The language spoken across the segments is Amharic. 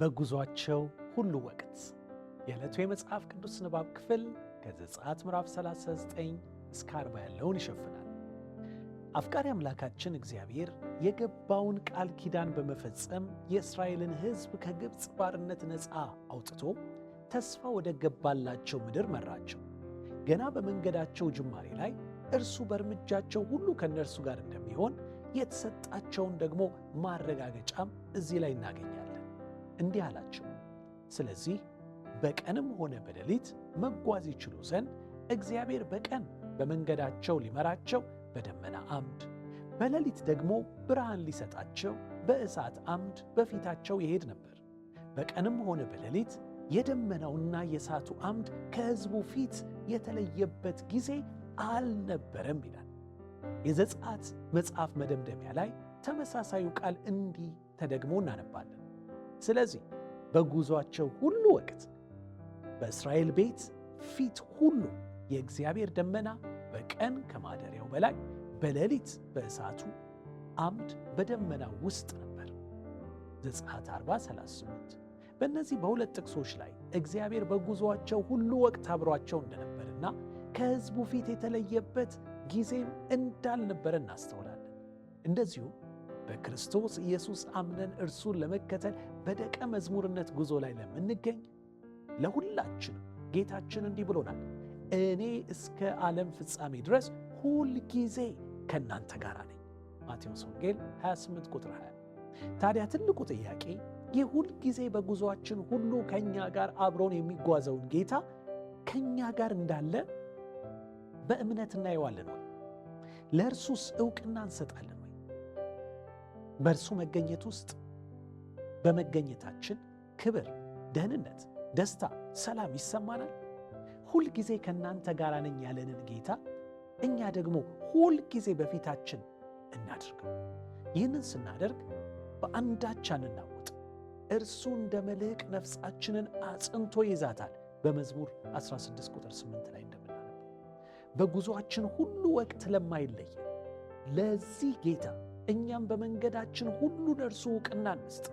በጉዟቸው ሁሉ ወቅት የዕለቱ የመጽሐፍ ቅዱስ ንባብ ክፍል ከዘጸአት ምዕራፍ 39 እስከ 40 ያለውን ይሸፍናል። አፍቃሪ አምላካችን እግዚአብሔር የገባውን ቃል ኪዳን በመፈጸም የእስራኤልን ሕዝብ ከግብፅ ባርነት ነፃ አውጥቶ ተስፋ ወደ ገባላቸው ምድር መራቸው። ገና በመንገዳቸው ጅማሬ ላይ እርሱ በእርምጃቸው ሁሉ ከእነርሱ ጋር እንደሚሆን የተሰጣቸውን ደግሞ ማረጋገጫም እዚህ ላይ እናገኛል። እንዲህ አላቸው፣ ስለዚህ በቀንም ሆነ በሌሊት መጓዝ ይችሉ ዘንድ እግዚአብሔር በቀን በመንገዳቸው ሊመራቸው በደመና አምድ፣ በሌሊት ደግሞ ብርሃን ሊሰጣቸው በእሳት አምድ በፊታቸው ይሄድ ነበር። በቀንም ሆነ በሌሊት የደመናውና የእሳቱ አምድ ከሕዝቡ ፊት የተለየበት ጊዜ አልነበረም ይላል። የዘጸአት መጽሐፍ መደምደሚያ ላይ ተመሳሳዩ ቃል እንዲህ ተደግሞ እናነባለን። ስለዚህ በጉዟቸው ሁሉ ወቅት በእስራኤል ቤት ፊት ሁሉ የእግዚአብሔር ደመና በቀን ከማደሪያው በላይ በሌሊት በእሳቱ አምድ በደመና ውስጥ ነበር። ዘጸአት 40፥38 በእነዚህ በሁለት ጥቅሶች ላይ እግዚአብሔር በጉዞአቸው ሁሉ ወቅት አብሯቸው እንደነበርና ከሕዝቡ ፊት የተለየበት ጊዜም እንዳልነበረ እናስተውላለን። እንደዚሁም በክርስቶስ ኢየሱስ አምነን እርሱን ለመከተል በደቀ መዝሙርነት ጉዞ ላይ ለምንገኝ ለሁላችን ጌታችን እንዲህ ብሎናል፣ እኔ እስከ ዓለም ፍጻሜ ድረስ ሁል ጊዜ ከእናንተ ጋር ነኝ። ማቴዎስ ወንጌል 28 ቁጥር 20። ታዲያ ትልቁ ጥያቄ ይህ ሁል ጊዜ በጉዞአችን ሁሉ ከእኛ ጋር አብሮን የሚጓዘውን ጌታ ከእኛ ጋር እንዳለ በእምነት እናየዋለን። ለእርሱስ ዕውቅና እንሰጣለን። በእርሱ መገኘት ውስጥ በመገኘታችን ክብር፣ ደህንነት፣ ደስታ፣ ሰላም ይሰማናል። ሁልጊዜ ከእናንተ ጋር ነኝ ያለንን ጌታ እኛ ደግሞ ሁልጊዜ በፊታችን እናድርገው። ይህንን ስናደርግ በአንዳች አንናወጥ። እርሱ እንደ መልሕቅ ነፍሳችንን አጽንቶ ይዛታል። በመዝሙር 16 ቁጥር 8 ላይ እንደምናነበው በጉዞአችን ሁሉ ወቅት ለማይለየ ለዚህ ጌታ እኛም በመንገዳችን ሁሉ ለእርሱ እውቅና እንስጥ።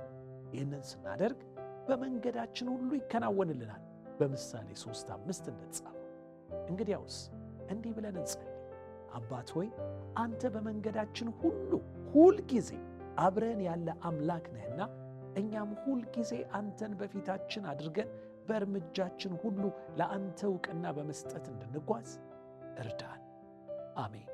ይህንን ስናደርግ በመንገዳችን ሁሉ ይከናወንልናል። በምሳሌ ሦስት አምስት እንደተጻፈ እንግዲያውስ እንዲህ ብለን እንጸልይ። አባት ሆይ አንተ በመንገዳችን ሁሉ ሁልጊዜ አብረን ያለ አምላክ ነህና እኛም ሁልጊዜ አንተን በፊታችን አድርገን በእርምጃችን ሁሉ ለአንተ እውቅና በመስጠት እንድንጓዝ እርዳን። አሜን።